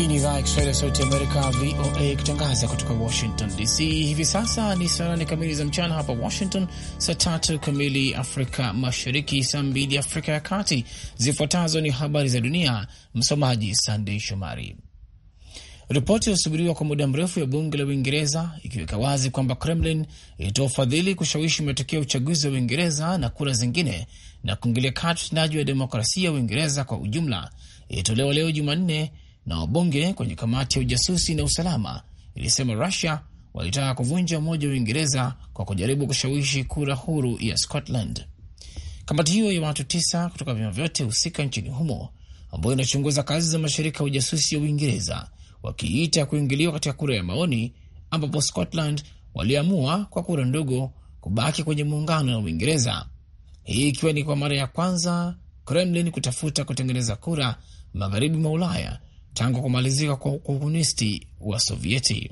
Hii ni idhaa ya Kiswahili ya Sauti Amerika, VOA, ikitangaza kutoka Washington DC. Hivi sasa ni saa nane kamili za mchana hapa Washington, saa tatu kamili Afrika Mashariki, saa mbili Afrika ya Kati. Zifuatazo ni habari za dunia, msomaji Sandei Shomari. Ripoti iliyosubiriwa kwa muda mrefu ya bunge la Uingereza ikiweka wazi kwamba Kremlin ilitoa ufadhili kushawishi matokeo ya uchaguzi wa Uingereza na kura zingine na kuingilia kati utendaji wa demokrasia ya Uingereza kwa ujumla ilitolewa leo Jumanne na wabunge kwenye kamati ya ujasusi na usalama ilisema Rusia walitaka kuvunja umoja wa Uingereza kwa kujaribu kushawishi kura huru ya Scotland. Kamati hiyo ya watu tisa kutoka vyama vyote husika nchini humo ambayo inachunguza kazi za mashirika ya ujasusi ya Uingereza wakiita kuingiliwa katika kura ya maoni, ambapo Scotland waliamua kwa kura ndogo kubaki kwenye muungano na Uingereza, hii ikiwa ni kwa mara ya kwanza Kremlin kutafuta kutengeneza kura magharibi mwa Ulaya tangu kumalizika kwa ukomunisti wa Sovieti.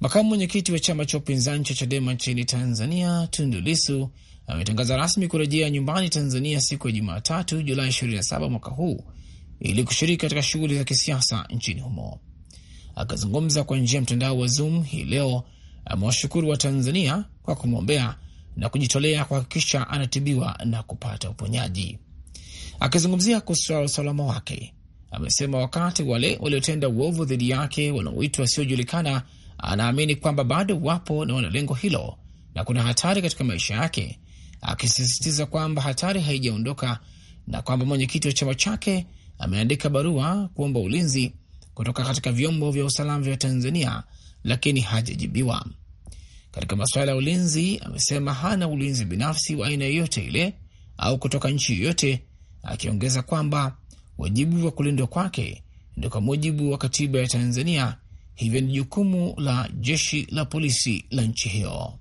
Makamu mwenyekiti wa chama cha upinzani cha Chadema nchini Tanzania, Tundu Lisu ametangaza rasmi kurejea nyumbani Tanzania siku ya Jumatatu, Julai 27 mwaka huu ili kushiriki katika shughuli za kisiasa nchini humo. Akizungumza kwa njia ya mtandao wa Zoom hii leo, amewashukuru wa Tanzania kwa kumwombea na kujitolea kuhakikisha anatibiwa na kupata uponyaji. Akizungumzia kuhusu swala usalama wake, amesema wakati wale waliotenda uovu dhidi yake wanaoitwa wasiojulikana, anaamini kwamba bado wapo na wana lengo hilo na kuna hatari katika maisha yake, akisisitiza kwamba hatari haijaondoka na kwamba mwenyekiti wa chama chake ameandika barua kuomba ulinzi kutoka katika vyombo vya usalama vya Tanzania, lakini hajajibiwa. Katika masuala ya ulinzi, amesema hana ulinzi binafsi wa aina yoyote ile au kutoka nchi yoyote, akiongeza kwamba Wajibu wa kulindwa kwake ndio kwa mujibu wa katiba ya Tanzania, hivyo ni jukumu la jeshi la polisi la nchi hiyo.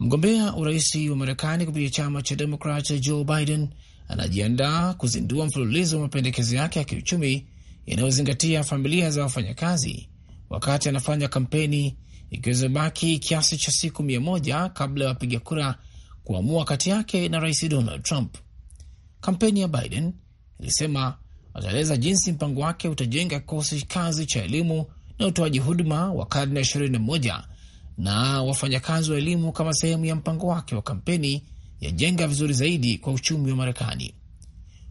Mgombea urais wa Marekani kupitia chama cha Demokrat Joe Biden anajiandaa kuzindua mfululizo wa mapendekezo yake ya kiuchumi yanayozingatia familia za wafanyakazi wakati anafanya kampeni, ikiwa zimebaki kiasi cha siku mia moja kabla ya wapiga kura kuamua kati yake na rais Donald Trump. Kampeni ya Biden ilisema ataeleza jinsi mpango wake utajenga kikosi kazi cha elimu na utoaji huduma wa karne ya 21 na wafanyakazi wa elimu kama sehemu ya mpango wake wa kampeni ya jenga vizuri zaidi kwa uchumi wa Marekani.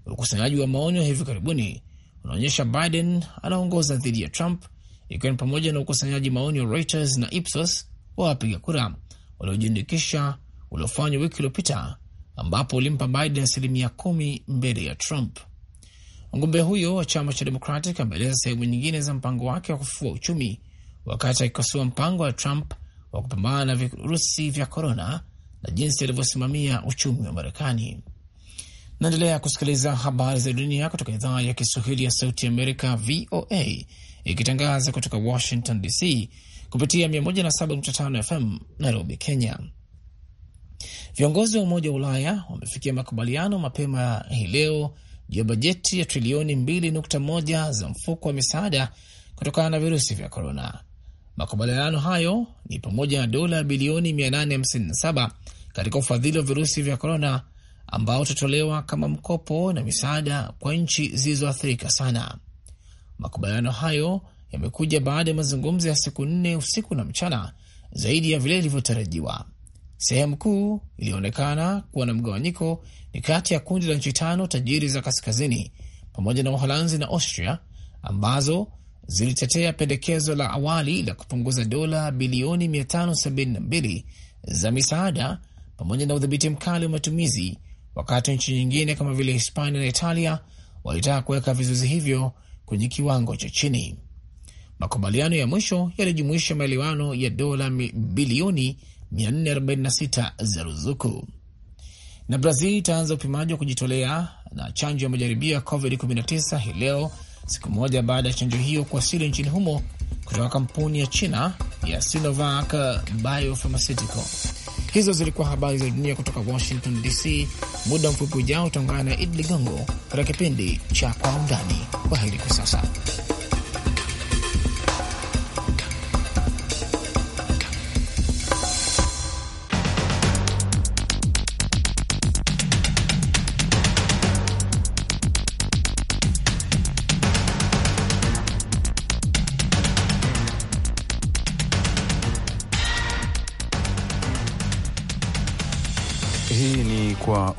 Ukusanyaji wa maoni wa hivi karibuni unaonyesha Biden anaongoza dhidi ya Trump, ikiwa ni pamoja na ukusanyaji maoni wa Reuters na Ipsos wa wapiga kura waliojiandikisha uliofanywa wiki iliyopita, ambapo ulimpa Biden asilimia kumi mbele ya Trump. Mgombea huyo wa chama cha Democratic ameeleza sehemu nyingine za mpango wake wa kufufua uchumi wakati akikosoa mpango wa Trump wa kupambana na virusi vya korona na jinsi alivyosimamia uchumi wa Marekani. Naendelea kusikiliza habari za dunia kutoka idhaa ya Kiswahili ya Sauti Amerika, VOA, ikitangaza kutoka Washington DC kupitia 107.5 FM Nairobi, Kenya. Viongozi wa Umoja wa Ulaya wamefikia makubaliano mapema hii leo juu ya bajeti ya trilioni 2.1 za mfuko wa misaada kutokana na virusi vya korona. Makubaliano hayo ni pamoja na dola bilioni 857 katika ufadhili wa virusi vya korona ambao utatolewa kama mkopo na misaada kwa nchi zilizoathirika sana. Makubaliano hayo yamekuja baada ya mazungumzo ya siku nne usiku na mchana zaidi ya vile ilivyotarajiwa. Sehemu kuu iliyoonekana kuwa na mgawanyiko ni kati ya kundi la nchi tano tajiri za kaskazini pamoja na Uholanzi na Austria ambazo zilitetea pendekezo la awali la kupunguza dola bilioni 572 za misaada pamoja na udhibiti mkali wa matumizi, wakati nchi nyingine kama vile Hispania na Italia walitaka kuweka vizuizi hivyo kwenye kiwango cha chini. Makubaliano ya mwisho yalijumuisha maelewano ya dola bilioni 446 za ruzuku. Na Brazil itaanza upimaji wa kujitolea na chanjo ya majaribio ya COVID-19 hii leo, siku moja baada ya chanjo hiyo kuwasili nchini humo kutoka kampuni ya China ya Sinovac Biopharmaceutical. Hizo zilikuwa habari za dunia kutoka Washington DC. Muda mfupi ujao utaungana na Idi Ligongo katika kipindi cha Kwa Undani. Kwa heri kwa sasa.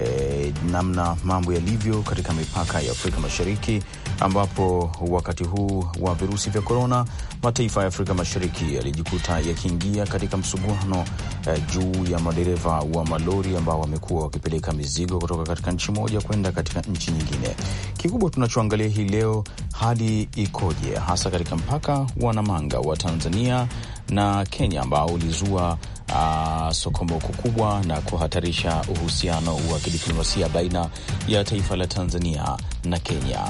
e, namna mambo yalivyo katika mipaka ya Afrika Mashariki, ambapo wakati huu wa virusi vya korona mataifa ya Afrika Mashariki yalijikuta yakiingia katika msuguano e, juu ya madereva wa malori ambao wamekuwa wakipeleka mizigo kutoka katika nchi moja kwenda katika nchi nyingine. Kikubwa tunachoangalia hii leo, hali ikoje hasa katika mpaka wa Namanga wa Tanzania na Kenya ambao ulizua uh, sokomoko kubwa na kuhatarisha uhusiano wa kidiplomasia baina ya taifa la Tanzania na Kenya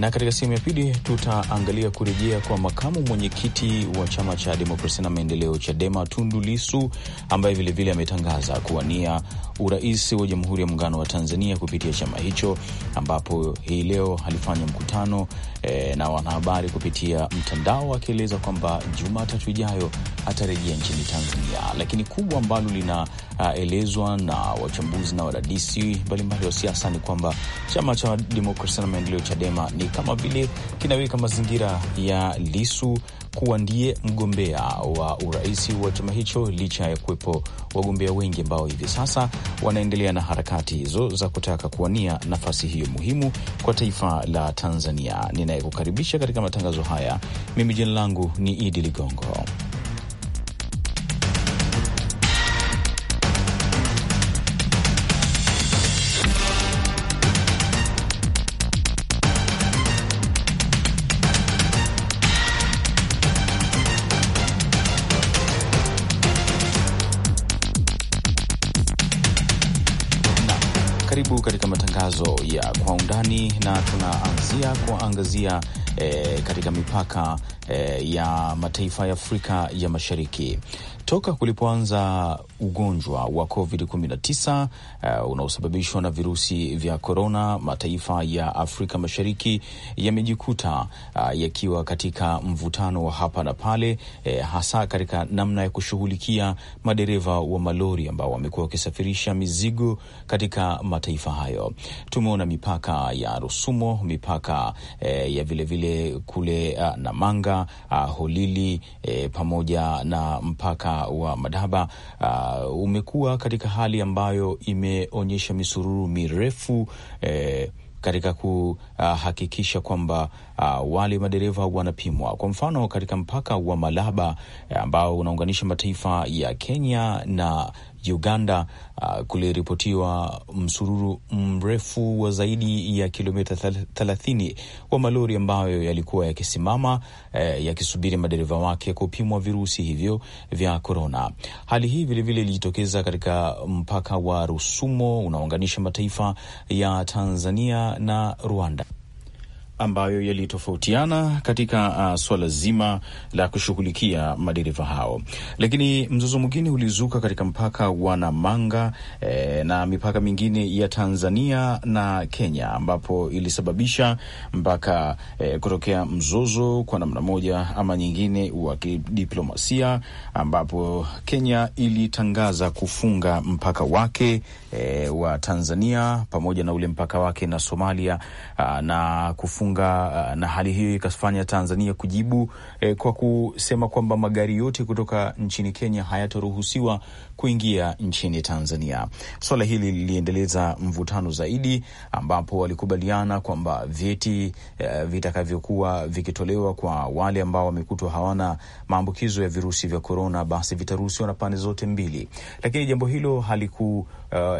na katika sehemu ya pili tutaangalia kurejea kwa makamu mwenyekiti wa chama cha demokrasia na maendeleo Chadema, Tundu Lisu, ambaye vilevile ametangaza kuwania urais wa Jamhuri ya Muungano wa Tanzania kupitia chama hicho, ambapo hii leo alifanya mkutano e, na wanahabari kupitia mtandao akieleza kwamba Jumatatu ijayo atarejea nchini Tanzania. Lakini kubwa ambalo linaelezwa na wachambuzi na wadadisi mbalimbali wa siasa ni kwamba chama cha demokrasia na maendeleo Chadema ni kama vile kinaweka mazingira ya Lisu kuwa ndiye mgombea wa urais wa chama hicho licha ya kuwepo wagombea wengi ambao hivi sasa wanaendelea na harakati hizo za kutaka kuwania nafasi hiyo muhimu kwa taifa la Tanzania. Ninayekukaribisha katika matangazo haya mimi, jina langu ni Idi Ligongo. katika matangazo ya kwa undani, na tunaanzia kuangazia e, katika mipaka e, ya mataifa ya Afrika ya Mashariki toka kulipoanza ugonjwa wa COVID-19 uh, unaosababishwa na virusi vya korona, mataifa ya Afrika Mashariki yamejikuta uh, yakiwa katika mvutano wa hapa na pale eh, hasa katika namna ya kushughulikia madereva wa malori ambao wamekuwa wakisafirisha mizigo katika mataifa hayo. Tumeona mipaka ya Rusumo, mipaka eh, ya vilevile vile kule uh, Namanga uh, Holili eh, pamoja na mpaka wa Madaba uh, umekuwa katika hali ambayo imeonyesha misururu mirefu eh, katika kuhakikisha kwamba uh, wale madereva wanapimwa. Kwa mfano, katika mpaka wa Malaba eh, ambao unaunganisha mataifa ya Kenya na Uganda uh, kuliripotiwa msururu mrefu wa zaidi ya kilomita thelathini wa malori ambayo yalikuwa yakisimama eh, yakisubiri madereva wake kupimwa virusi hivyo vya korona. Hali hii vilevile ilijitokeza katika mpaka wa Rusumo unaounganisha mataifa ya Tanzania na Rwanda ambayo yalitofautiana katika uh, swala zima la kushughulikia madereva hao, lakini mzozo mwingine ulizuka katika mpaka wa Namanga eh, na mipaka mingine ya Tanzania na Kenya, ambapo ilisababisha mpaka eh, kutokea mzozo kwa namna moja ama nyingine wa kidiplomasia, ambapo Kenya ilitangaza kufunga mpaka wake eh, wa Tanzania pamoja na ule mpaka wake na Somalia uh, na kufunga kujiunga uh, na hali hiyo ikafanya Tanzania kujibu eh, kwa kusema kwamba magari yote kutoka nchini Kenya hayataruhusiwa kuingia nchini Tanzania. Swala hili liliendeleza mvutano zaidi, ambapo walikubaliana kwamba vyeti eh, vitakavyokuwa vikitolewa kwa wale ambao wamekutwa hawana maambukizo ya virusi vya korona, basi vitaruhusiwa na pande zote mbili, lakini jambo hilo halikuenda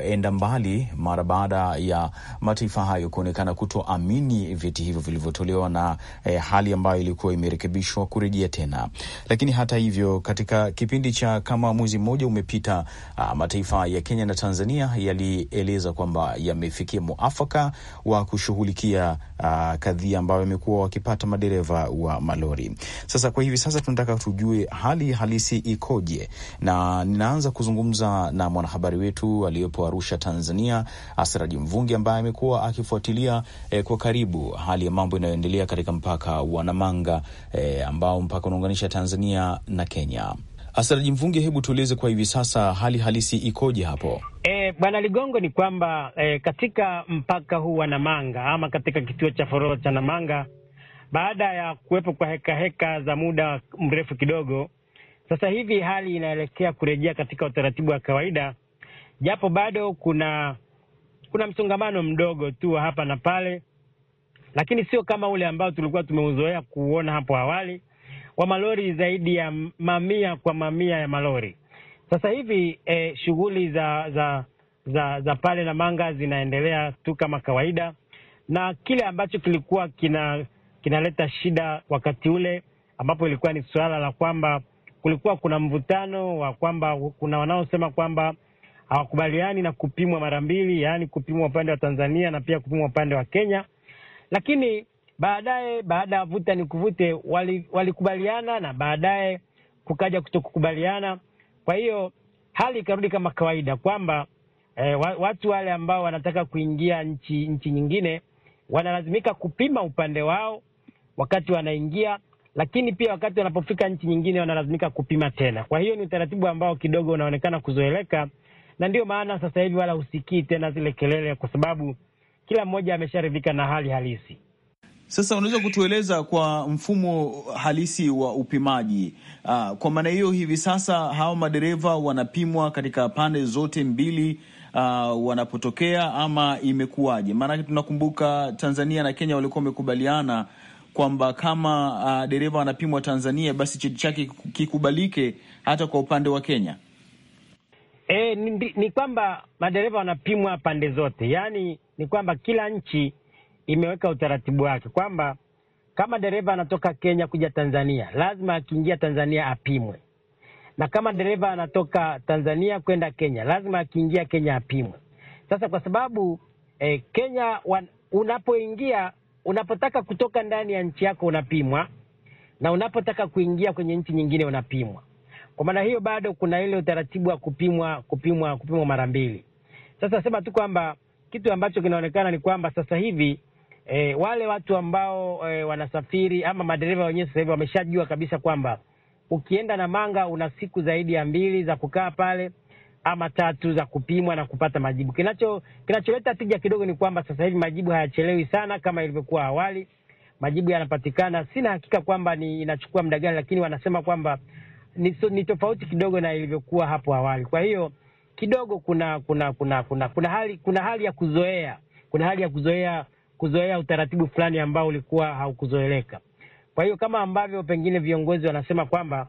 eh, uh, mbali mara baada ya mataifa hayo kuonekana kutoamini vyeti hivyo vilivyotolewa na eh, hali ambayo ilikuwa imerekebishwa kurejea tena. Lakini hata hivyo, katika kipindi cha kama mwezi mmoja umepita, uh, mataifa ya Kenya na Tanzania yalieleza kwamba yamefikia mwafaka wa kushughulikia uh, kadhia ambayo yamekuwa wakipata madereva wa malori. Sasa kwa hivi sasa tunataka tujue hali halisi ikoje, na ninaanza kuzungumza na mwanahabari wetu aliyepo Arusha, Tanzania, Asraji Mvungi ambaye amekuwa akifuatilia eh, kwa karibu hali ya mambo inayoendelea katika mpaka wa Namanga eh, ambao mpaka unaunganisha Tanzania na Kenya. Asaraji Mvunge, hebu tueleze kwa hivi sasa hali halisi ikoje hapo? E, Bwana Ligongo, ni kwamba e, katika mpaka huu wa Namanga ama katika kituo cha Fororo cha Namanga, baada ya kuwepo kwa hekaheka heka za muda mrefu kidogo, sasa hivi hali inaelekea kurejea katika utaratibu wa kawaida, japo bado kuna kuna msongamano mdogo tu wa hapa na pale, lakini sio kama ule ambao tulikuwa tumeuzoea kuona hapo awali wa malori zaidi ya mamia kwa mamia ya malori. Sasa hivi eh, shughuli za, za za za pale Namanga zinaendelea tu kama kawaida, na kile ambacho kilikuwa kina kinaleta shida wakati ule ambapo ilikuwa ni suala la kwamba kulikuwa kuna mvutano wa kwamba kuna wanaosema kwamba hawakubaliani na kupimwa mara mbili, yaani kupimwa upande wa Tanzania na pia kupimwa upande wa Kenya. Lakini Baadaye, baada ya vuta ni kuvute, walikubaliana wali na baadaye kukaja kutokukubaliana. Kwa hiyo hali ikarudi kama kawaida kwamba eh, watu wale ambao wanataka kuingia nchi, nchi nyingine wanalazimika kupima upande wao wakati wanaingia, lakini pia wakati wanapofika nchi nyingine wanalazimika kupima tena. Kwa hiyo ni utaratibu ambao kidogo unaonekana kuzoeleka, na ndio maana sasa hivi wala husikii tena zile kelele, kwa sababu kila mmoja amesharidhika na hali halisi. Sasa unaweza kutueleza kwa mfumo halisi wa upimaji uh, kwa maana hiyo hivi sasa hawa madereva wanapimwa katika pande zote mbili uh, wanapotokea ama imekuwaje? Maanake tunakumbuka Tanzania na Kenya walikuwa wamekubaliana kwamba kama uh, dereva anapimwa Tanzania basi cheti chake kikubalike hata kwa upande wa Kenya. E, ni, ni kwamba madereva wanapimwa pande zote, yaani ni kwamba kila nchi imeweka utaratibu wake kwamba kama dereva anatoka Kenya kuja Tanzania, lazima akiingia Tanzania apimwe, na kama dereva anatoka Tanzania kwenda Kenya, lazima akiingia Kenya apimwe. Sasa kwa sababu eh, Kenya unapoingia unapotaka kutoka ndani ya nchi yako unapimwa, na unapotaka kuingia kwenye nchi nyingine unapimwa. Kwa maana hiyo bado kuna ile utaratibu wa kupimwa kupimwa kupimwa mara mbili. Sasa sema tu kwamba kitu ambacho kinaonekana ni kwamba sasa hivi e, wale watu ambao e, wanasafiri ama madereva wenyewe sasa hivi wameshajua kabisa kwamba ukienda na manga una siku zaidi ya mbili za kukaa pale ama tatu za kupimwa na kupata majibu. Kinacho kinacholeta tija kidogo ni kwamba sasa hivi majibu hayachelewi sana kama ilivyokuwa awali. Majibu yanapatikana. Sina hakika kwamba ni inachukua muda gani, lakini wanasema kwamba ni, ni tofauti kidogo na ilivyokuwa hapo awali. Kwa hiyo kidogo kuna kuna kuna kuna kuna hali kuna hali ya kuzoea, kuna hali ya kuzoea kuzoea utaratibu fulani ambao ulikuwa haukuzoeleka. Kwa hiyo kama ambavyo pengine viongozi wanasema kwamba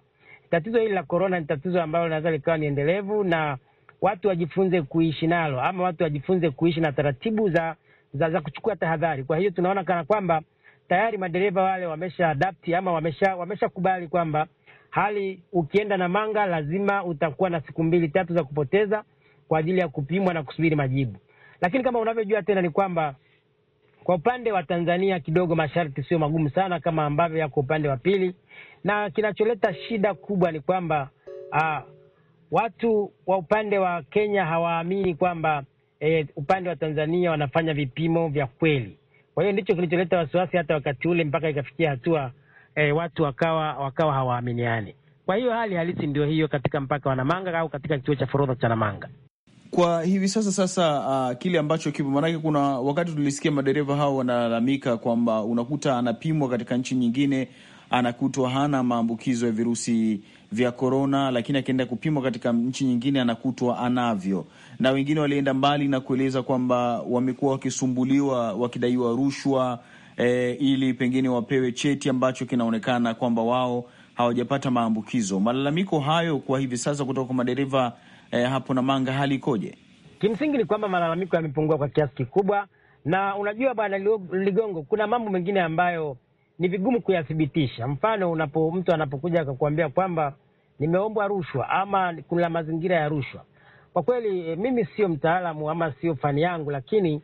tatizo hili la korona ni tatizo ambalo linaweza likawa ni endelevu, na watu wajifunze kuishi nalo, ama watu wajifunze kuishi na taratibu za za, za kuchukua tahadhari. Kwa hiyo tunaona kana kwamba tayari madereva wale wamesha adapti ama wamesha wameshakubali kwamba hali ukienda na manga lazima utakuwa na siku mbili tatu za kupoteza kwa ajili ya kupimwa na kusubiri majibu. Lakini kama unavyojua tena ni kwamba kwa upande wa Tanzania kidogo masharti sio magumu sana kama ambavyo yako upande wa pili, na kinacholeta shida kubwa ni kwamba uh, watu wa upande wa Kenya hawaamini kwamba eh, upande wa Tanzania wanafanya vipimo vya kweli. Kwa hiyo ndicho kilicholeta wasiwasi hata wakati ule mpaka ikafikia hatua eh, watu wakawa wakawa hawaaminiani. Kwa hiyo hali halisi ndio hiyo katika mpaka wa Namanga au katika kituo cha forodha cha Namanga kwa hivi sasa sasa, uh, kile ambacho kipo maanake, kuna wakati tulisikia madereva hao wanalalamika kwamba unakuta anapimwa katika nchi nyingine anakutwa hana maambukizo ya virusi vya korona, lakini akienda kupimwa katika nchi nyingine anakutwa anavyo. Na wengine walienda mbali na kueleza kwamba wamekuwa wakisumbuliwa wakidaiwa rushwa e, ili pengine wapewe cheti ambacho kinaonekana kwamba wao hawajapata maambukizo. Malalamiko hayo kwa hivi sasa kutoka kwa madereva eh, hapo Namanga hali ikoje? Kimsingi ni kwamba malalamiko yamepungua kwa kiasi kikubwa, na unajua bwana Ligongo, kuna mambo mengine ambayo ni vigumu kuyathibitisha. Mfano, unapo mtu anapokuja akakuambia kwamba nimeombwa rushwa ama kuna mazingira ya rushwa, kwa kweli eh, mimi sio mtaalamu ama sio fani yangu, lakini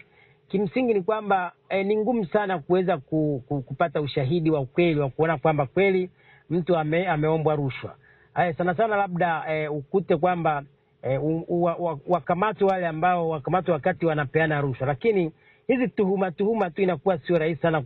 kimsingi ni kwamba eh, ni ngumu sana kuweza ku, ku, kupata ushahidi wa ukweli wa kuona kwamba kweli mtu ame, ameombwa rushwa. Haya, eh, sana sana labda eh, ukute kwamba e, eh, wakamatwe wale ambao wakamatwe wakati wanapeana rushwa. Lakini hizi tuhuma tuhuma tu inakuwa sio rahisi sana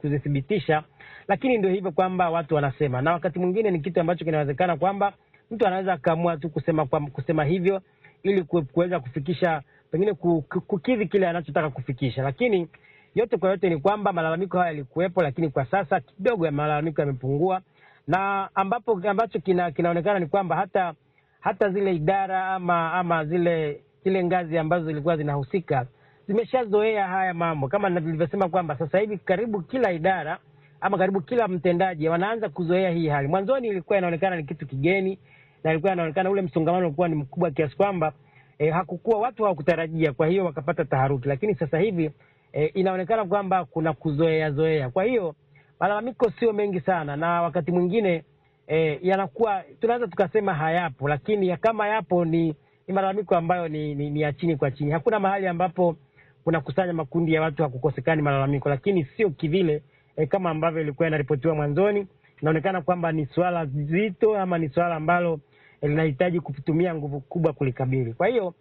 kuzithibitisha, lakini ndio hivyo kwamba watu wanasema, na wakati mwingine ni kitu ambacho kinawezekana kwamba mtu anaweza akaamua tu kusema, kwa, kusema hivyo ili kuweza kufikisha pengine kukidhi kile anachotaka kufikisha. Lakini yote kwa yote ni kwamba malalamiko haya yalikuwepo, lakini kwa sasa kidogo ya malalamiko yamepungua, na ambapo ambacho kina, kinaonekana ni kwamba hata hata zile idara ama ama zile zile ngazi ambazo zilikuwa zinahusika zimeshazoea haya mambo, kama nilivyosema kwamba sasa hivi karibu kila idara ama karibu kila mtendaji wanaanza kuzoea hii hali. Mwanzoni ilikuwa inaonekana ni kitu kigeni, na ilikuwa inaonekana ule msongamano ulikuwa ni mkubwa kiasi kwamba eh, hakukuwa watu hawakutarajia, kwa hiyo wakapata taharuki. Lakini sasa hivi eh, inaonekana kwamba kuna kuzoea zoea, kwa hiyo malalamiko sio mengi sana, na wakati mwingine e, yanakuwa tunaweza tukasema hayapo, lakini ya kama yapo ni, ni malalamiko ambayo ni, ni, ni ya chini kwa chini. Hakuna mahali ambapo kunakusanya makundi ya watu hakukosekani malalamiko, lakini sio kivile e, kama ambavyo ilikuwa inaripotiwa mwanzoni. Inaonekana kwamba ni suala zito ama ni suala ambalo eh, linahitaji kutumia nguvu kubwa kulikabili. Kwa hiyo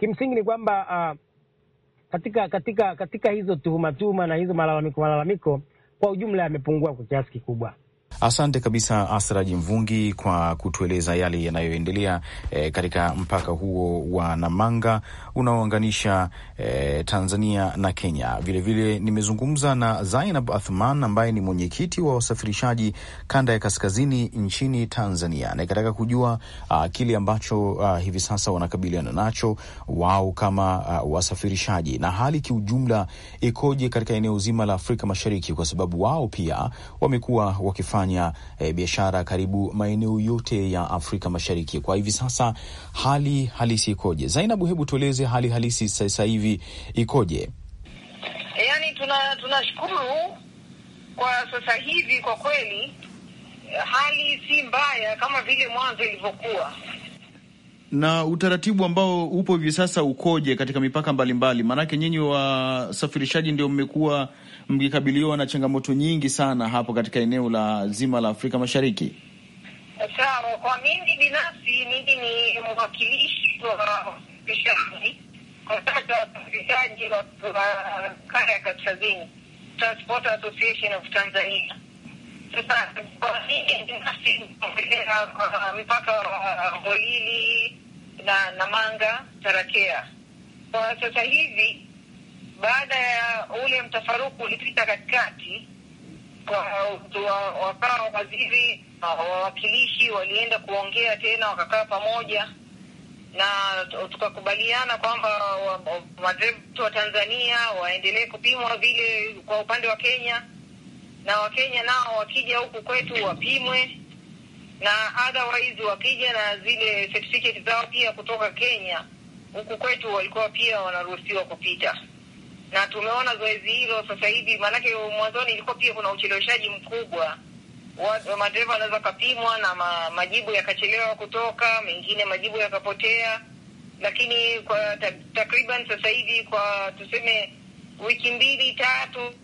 kimsingi ni kwamba uh, katika katika katika hizo tuhuma tuhuma na hizo malalamiko malalamiko kwa ujumla yamepungua kwa kiasi kikubwa. Asante kabisa Asraji Mvungi kwa kutueleza yale yanayoendelea e, katika mpaka huo wa Namanga unaounganisha e, Tanzania na Kenya. Vilevile vile, nimezungumza na Zainab Athman ambaye ni mwenyekiti wa wasafirishaji kanda ya kaskazini nchini Tanzania, na kujua a, ah, kile ambacho a, ah, hivi sasa wanakabiliana nacho wao kama a, ah, wasafirishaji na hali kiujumla ikoje katika eneo zima la Afrika Mashariki, kwa sababu wao pia wamekuwa wakifanya kufanya e, biashara karibu maeneo yote ya Afrika Mashariki. Kwa hivi sasa hali halisi ikoje? Zainabu, hebu tueleze hali halisi sasa hivi ikoje? E, yani tunashukuru tuna kwa sasa hivi kwa kweli hali si mbaya kama vile mwanzo ilivyokuwa. Na utaratibu ambao upo hivi sasa ukoje katika mipaka mbalimbali? Maanake nyinyi wasafirishaji ndio mmekuwa mkikabiliwa na changamoto nyingi sana hapo katika eneo la zima la Afrika Mashariki? Sawa, kwa mimi binafsi, mimi ni mwakilishi wa wasafirishaji kwa sasa, wasafirishaji wa kanda ya kaskazini, Transport Association of Tanzania. Sasa kwa mimi binafsi niongelea mpaka wa Holili na Namanga Tarakea. Kwa sasa hivi baada ya ule mtafaruku ulipita katikati, wakawa waziri wawakilishi walienda kuongea tena, wakakaa pamoja na tukakubaliana kwamba madereva wa Tanzania waendelee kupimwa vile kwa upande wa Kenya, na Wakenya nao wakija huku kwetu wapimwe, na otherwise wakija na zile certificate zao pia kutoka Kenya huku kwetu walikuwa pia wanaruhusiwa kupita na tumeona zoezi hilo sasa hivi, maanake mwanzoni ilikuwa pia kuna ucheleweshaji mkubwa madereva wanaweza kapimwa na ma, majibu yakachelewa kutoka, mengine majibu yakapotea. Lakini kwa ta, takriban sasa hivi kwa tuseme wiki mbili tatu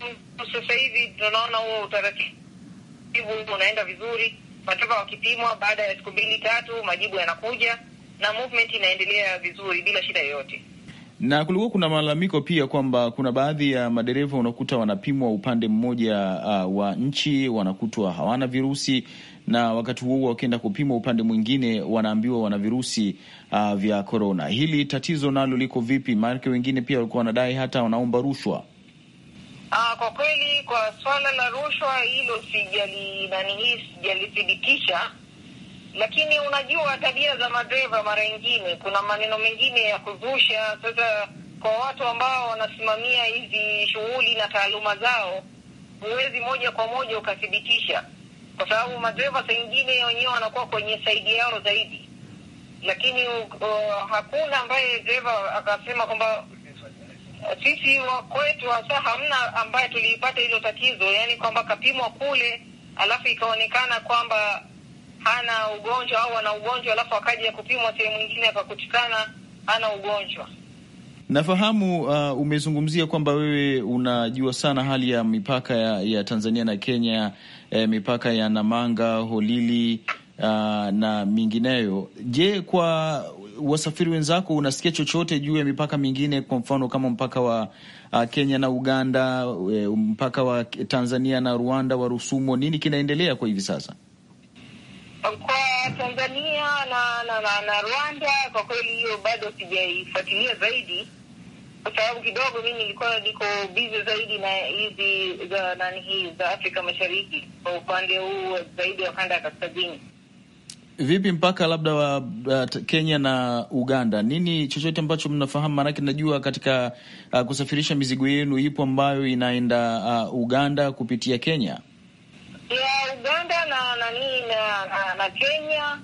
sasa hivi tunaona huo utaratibu unaenda vizuri, madereva wakipimwa baada ya siku mbili tatu majibu yanakuja na movement inaendelea vizuri bila shida yoyote na kulikuwa kuna malalamiko pia kwamba kuna baadhi ya madereva unakuta wanapimwa upande mmoja uh, wa nchi wanakutwa hawana virusi, na wakati huo wakienda kupimwa upande mwingine wanaambiwa wana virusi uh, vya korona. Hili tatizo nalo liko vipi? Maanake wengine pia walikuwa wanadai hata wanaomba rushwa. Aa, ah, kwa kweli kwa swala la rushwa hilo sijali nani hii sijalithibitisha lakini unajua tabia za madereva mara nyingine, kuna maneno mengine ya kuzusha. Sasa kwa watu ambao wanasimamia hizi shughuli na taaluma zao, huwezi moja kwa moja ukathibitisha, kwa sababu madereva saa wenyewe wanakuwa kwenye saidi yao zaidi, lakini uh, hakuna ambaye dereva akasema kwamba uh, sisi wa kwetu hasa hamna ambaye tuliipata hilo tatizo, yaani kwamba kapimwa kule alafu ikaonekana kwamba hana ugonjwa au ana ugonjwa alafu akaja kupimwa sehemu nyingine akakutikana hana ugonjwa. Nafahamu uh, umezungumzia kwamba wewe unajua sana hali ya mipaka ya, ya Tanzania na Kenya eh, mipaka ya Namanga, Holili uh, na mingineyo. Je, kwa wasafiri wenzako unasikia chochote juu ya mipaka mingine, kwa mfano kama mpaka wa uh, Kenya na Uganda, uh, mpaka wa Tanzania na Rwanda wa Rusumo? Nini kinaendelea kwa hivi sasa? Kwa Tanzania na na, na, na Rwanda kwa kweli hiyo bado sijaifuatilia zaidi, kwa sababu kidogo mimi nilikuwa niko busy zaidi na hizi za nani hii za Afrika Mashariki kwa upande huu zaidi wa kanda ya kaskazini. Vipi mpaka labda wa uh, Kenya na Uganda, nini chochote ambacho mnafahamu? Maanake najua katika uh, kusafirisha mizigo yenu ipo ambayo inaenda uh, Uganda kupitia Kenya. Uganda na nani na, na, na Kenya.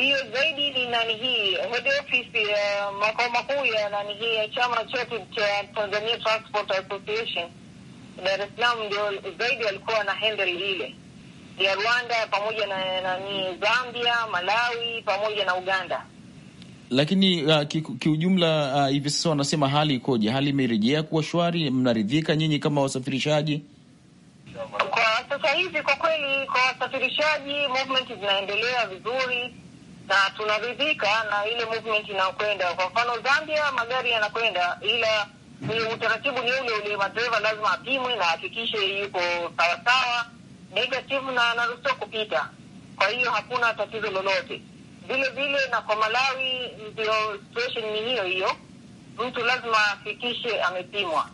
Hiyo zaidi ni nani hii head office ya uh, makao makuu ya nani hii ya chama chetu cha Tanzania Transport Association Dar es Salaam ndio zaidi alikuwa na handle ile ya Rwanda pamoja na nani Zambia, Malawi pamoja na Uganda lakini uh, kiujumla ki uh, hivi uh, sasa wanasema hali ikoje? Hali imerejea kuwa shwari? Mnaridhika nyinyi kama wasafirishaji? Kwa sasa hivi kwa kweli, kwa wasafirishaji movement zinaendelea vizuri na tunaridhika na ile movement inayokwenda. Kwa mfano, Zambia magari yanakwenda, ila ni utaratibu ni ule ule, madereva lazima apimwe na hakikishe yuko sawasawa negative na anaruhusiwa kupita. Kwa hiyo hakuna tatizo lolote vile vile. Na kwa Malawi ndio situation ni hiyo hiyo, mtu lazima afikishe amepimwa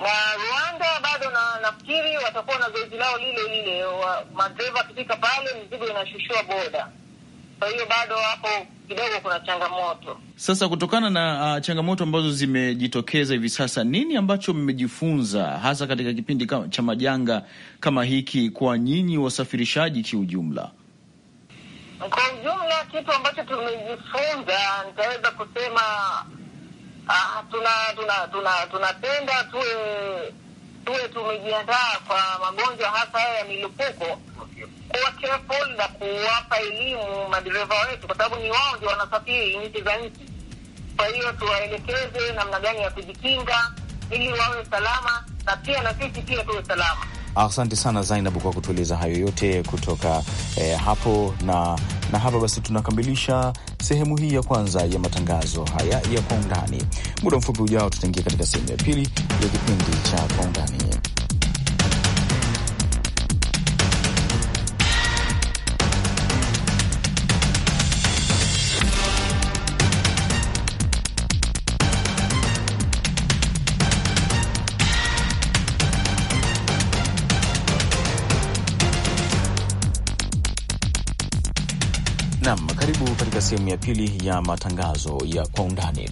na Rwanda bado na, nafikiri watakuwa na zoezi lao lile lile, madereva wakifika pale mizigo inashushiwa boda. Kwa hiyo bado hapo kidogo kuna changamoto. Sasa kutokana na uh, changamoto ambazo zimejitokeza hivi sasa, nini ambacho mmejifunza hasa katika kipindi cha majanga kama hiki kwa nyinyi wasafirishaji kiujumla? Kwa ujumla, kitu ambacho tumejifunza nitaweza kusema Ah, tunapenda tuna, tuna, tuwe tuwe tumejiandaa kwa magonjwa hasa haya ya milipuko, kuwa careful na kuwapa elimu madereva wetu, kwa sababu ni wao ndio wanasafiri nchi za nchi. Kwa hiyo tuwaelekeze namna gani ya kujikinga ili wawe salama na pia na sisi pia tuwe salama. Asante sana Zainabu kwa kutueleza hayo yote kutoka eh, hapo na, na hapa basi tunakamilisha sehemu hii ya kwanza ya matangazo haya ya kwa undani. Muda mfupi ujao tutaingia katika sehemu ya pili ya kipindi cha kwa undani. sehemu ya pili ya matangazo ya kwa undani.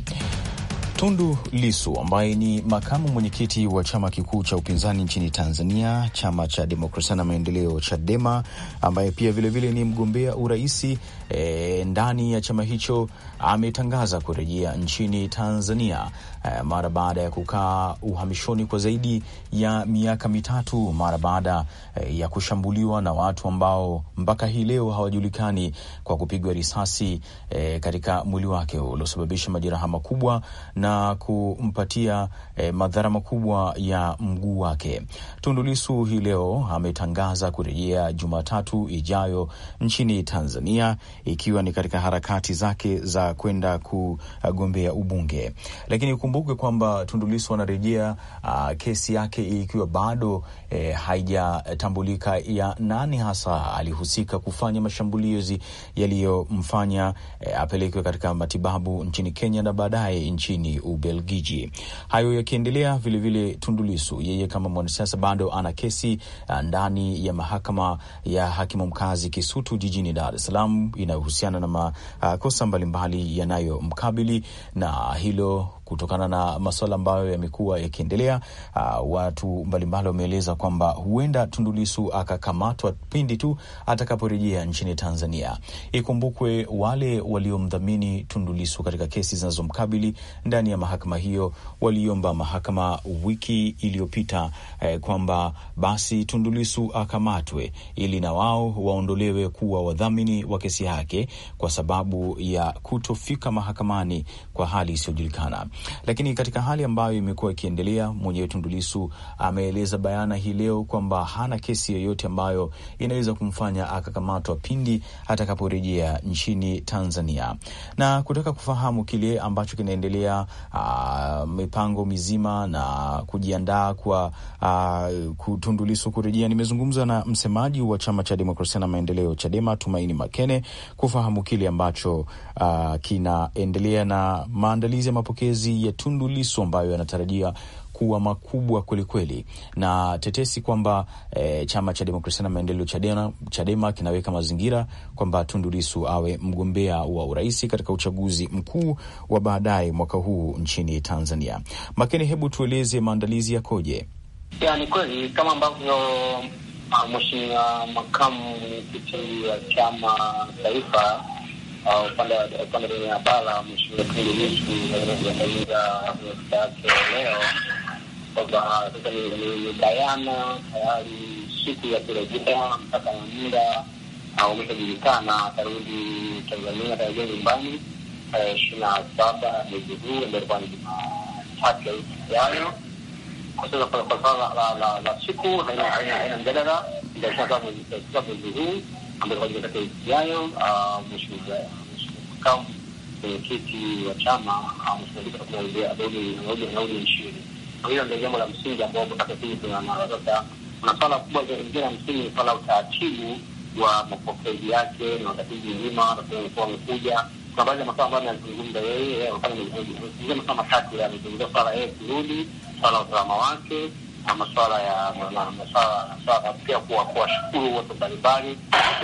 Tundu Lisu ambaye ni makamu mwenyekiti wa chama kikuu cha upinzani nchini Tanzania, chama cha demokrasia na maendeleo CHADEMA, ambaye pia vilevile vile ni mgombea uraisi e, eh, ndani ya chama hicho ametangaza kurejea nchini Tanzania Eh, mara baada ya kukaa uhamishoni kwa zaidi ya miaka mitatu, mara baada eh, ya kushambuliwa na watu ambao mpaka hii leo hawajulikani, kwa kupigwa risasi eh, katika mwili wake uliosababisha majeraha makubwa na kumpatia madhara makubwa ya mguu wake. Tundu Lissu hii leo ametangaza kurejea Jumatatu ijayo nchini Tanzania ikiwa ni katika harakati zake za kwenda kugombea ubunge lakini tukumbuke kwamba Tunduliso anarejea uh, kesi yake ikiwa bado eh, haijatambulika ya nani hasa alihusika kufanya mashambulizi yaliyomfanya eh, apelekwe katika matibabu nchini Kenya na baadaye nchini Ubelgiji. Hayo yakiendelea, vilevile tundulisu yeye kama mwanasiasa bado ana kesi uh, ndani ya mahakama ya hakimu mkazi Kisutu jijini Dar es Salaam inayohusiana na makosa uh, mbalimbali yanayomkabili na hilo kutokana na masuala ambayo yamekuwa yakiendelea. Uh, watu mbalimbali wameeleza kwamba huenda Tundu Lissu akakamatwa pindi tu atakaporejea nchini Tanzania. Ikumbukwe wale waliomdhamini Tundu Lissu katika kesi zinazomkabili ndani ya mahakama hiyo waliomba mahakama wiki iliyopita eh, kwamba basi Tundu Lissu akamatwe ili na wao waondolewe kuwa wadhamini wa kesi yake kwa sababu ya kutofika mahakamani kwa hali isiyojulikana. Lakini katika hali ambayo imekuwa ikiendelea, mwenyewe tundulisu ameeleza bayana hii leo kwamba hana kesi yoyote ambayo inaweza kumfanya akakamatwa pindi atakaporejea nchini Tanzania. Na kutaka kufahamu kile ambacho kinaendelea, ah, mipango mizima na kujiandaa kwa uh, kurejea, nimezungumza na msemaji wa chama cha demokrasia na maendeleo CHADEMA, Tumaini Makene, kufahamu kile ambacho ah, kinaendelea na maandalizi ya mapokezi maamuzi ya Tundu Lissu ambayo yanatarajia kuwa makubwa kwelikweli, na tetesi kwamba e, chama cha demokrasia na maendeleo Chadema, Chadema kinaweka mazingira kwamba Tundu Lissu awe mgombea wa urais katika uchaguzi mkuu wa baadaye mwaka huu nchini Tanzania. Makene, hebu tueleze maandalizi yakoje? Ya, ni kweli kama ambavyo ah, mheshimiwa makamu mwenyekiti wa chama taifa upande upande wa bara mheshimiwa Tundu Lissu amezungumza hotuba yake leo kwamba sasa ni bayana tayari siku ya kurejea mpaka na muda umeshajulikana, atarudi Tanzania, atarejea nyumbani ishirini na saba mwezi huu ambayo ilikuwa ni Jumatatu ya wiki ijayo. Kwa sasa kwa swala la siku haina mjadala, ndio ishirini na saba mwezi huu ambayo katika wiki yayo makamu mwenyekiti wa chama amefanikiwa kuongea ishirini. hiyo ndio jambo la msingi ambao mpaka sisi tunanalo. Sasa kuna swala kubwa zaidi la msingi ni swala utaratibu wa mapokezi yake na wakatibu mzima watakuwa wamekuja. Kuna baadhi ya makao ambayo amezungumza yeye, amefanya mazungumzo matatu, amezungumza swala yeye kurudi, swala usalama wake na masuala ya masuala pia kuwashukuru watu mbalimbali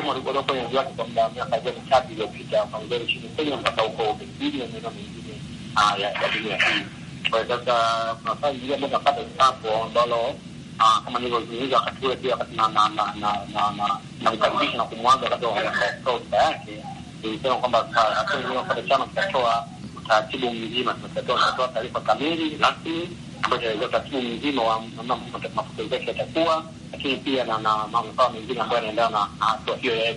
walikuwa kwenye viwake kwa muda wa miaka ja mitatu iliyopita kuanzia nchini Kenya mpaka huko Ubelgiji na maeneo mengine ah, ya dunia hii. Kwa hiyo sasa kuna swali lingine ambao napata hapo ambalo ah, kama nilivyozungumza wakati ule pia namkaribisha na na na na na na kumwaga wakati wakatoa hotuba yake, ilisema kwamba hata ni kwa chama kitatoa utaratibu mzima, tutatoa taarifa kamili rasmi kwenye tatimu wa namna mapokezake yatakuwa, lakini pia na manufaa mengine ambayo yanaendana na hatua hiyo ya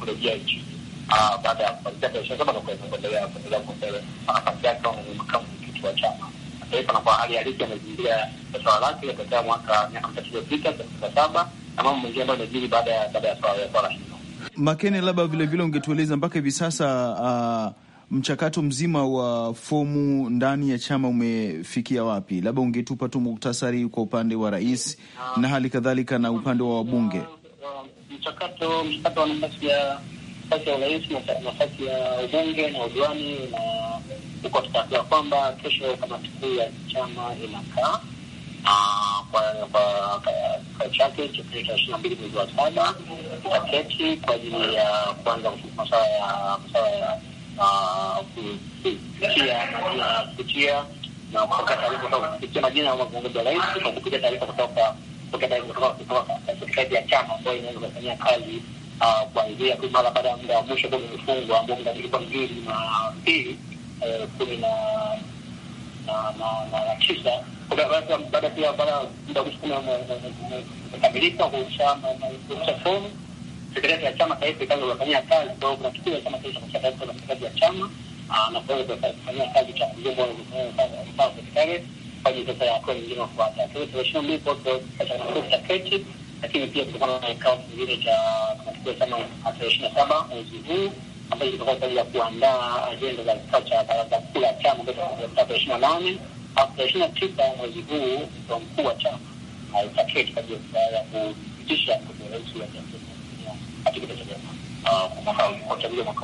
kurejea nchi ah, baada ya biashara na kuweza kuendelea kuendelea nafasi yake kama makamu mwenyekiti wa chama taifa, na kwa hali halisi swala lake yatokea mwaka miaka mitatu iliyopita katika saba na mambo mengine ambayo baada ya baada ya swala hilo. Makene, labda vilevile ungetueleza mpaka hivi sasa ah, mchakato mzima wa fomu ndani ya chama umefikia wapi? Labda ungetupa tu muktasari kwa upande wa rais na hali kadhalika na upande wa wabunge. Uh, mchakato mchakato wa nafasi ya nafasi ya urais, nafasi ya ubunge na udiwani, na uko tutakiwa kwamba kesho kamati kuu ya chama inakaa uh, kwa chake tarehe ishirini na mbili mwezi wa saba itaketi kwa ajili ya kuanza masawa ya Uh, kupitia na kupokea taarifa kutoka kupitia majina ya mazungumzo ya rais kwa kupitia taarifa kutoka kupokea taarifa kutoka kutoka serikali ya chama ambayo inaweza kufanyia kazi kuanzia tu mara baada ya muda wa mwisho kwenye mfungo ambao muda ulikuwa mbili na pili kumi na na tisa baada pia baada ya muda wa mwisho kumi kukamilika kuisha eh, eh, fomu sekretariati ya chama taifa ikaanza kufanyia kazi, kwa sababu kuna chama taifa cha taifa na sekretariati ya chama ah, na kuweza kufanyia kazi cha kujengwa mfano sekretariati kwa ajili ya hatua nyingine kufuata. Kwa hiyo tarehe mbili kwa kwa chama cha keti, lakini pia kutokana na kikao kingine cha kituo cha chama tarehe ishirini na saba mwezi huu ambayo itakuwa kwa ajili ya kuandaa ajenda za kikao cha baraza kuu la chama kwa tarehe ishirini na nane au tarehe ishirini na tisa mwezi huu mkuu wa chama itaketi ah, kwa ajili ya kupitisha kuhusu ya chama kuchaguliwa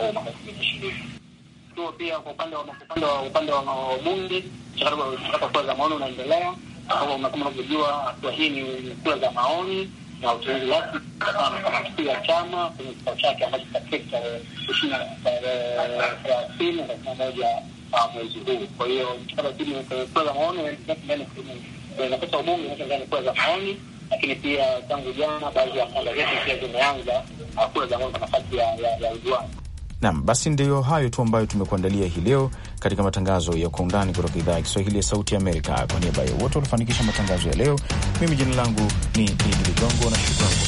Pia kwa upande wa upande wa wabunge, mchakato kura za maoni unaendelea. Kama unavyojua, hatua hii ni kura za maoni na uteuzi rasmi kuu ya chama kwenye kikao chake ambacho kitafika tarehe thelathini na kumi na moja mwezi huu. Kwa hiyo mchakato wa kura za maoni kura za maoni lakini pia tangu jana baadhi ya kanda zetu pia zimeanza kura za ng'ombe nafasi ya, ya, ya ujuani. Nam basi ndiyo hayo tu ambayo tumekuandalia hii leo katika matangazo ya kwa undani kutoka idhaa ya Kiswahili ya Sauti ya Amerika. Kwa niaba ya wote waliofanikisha matangazo ya leo, mimi jina langu ni Idi Ligongo na shukrani.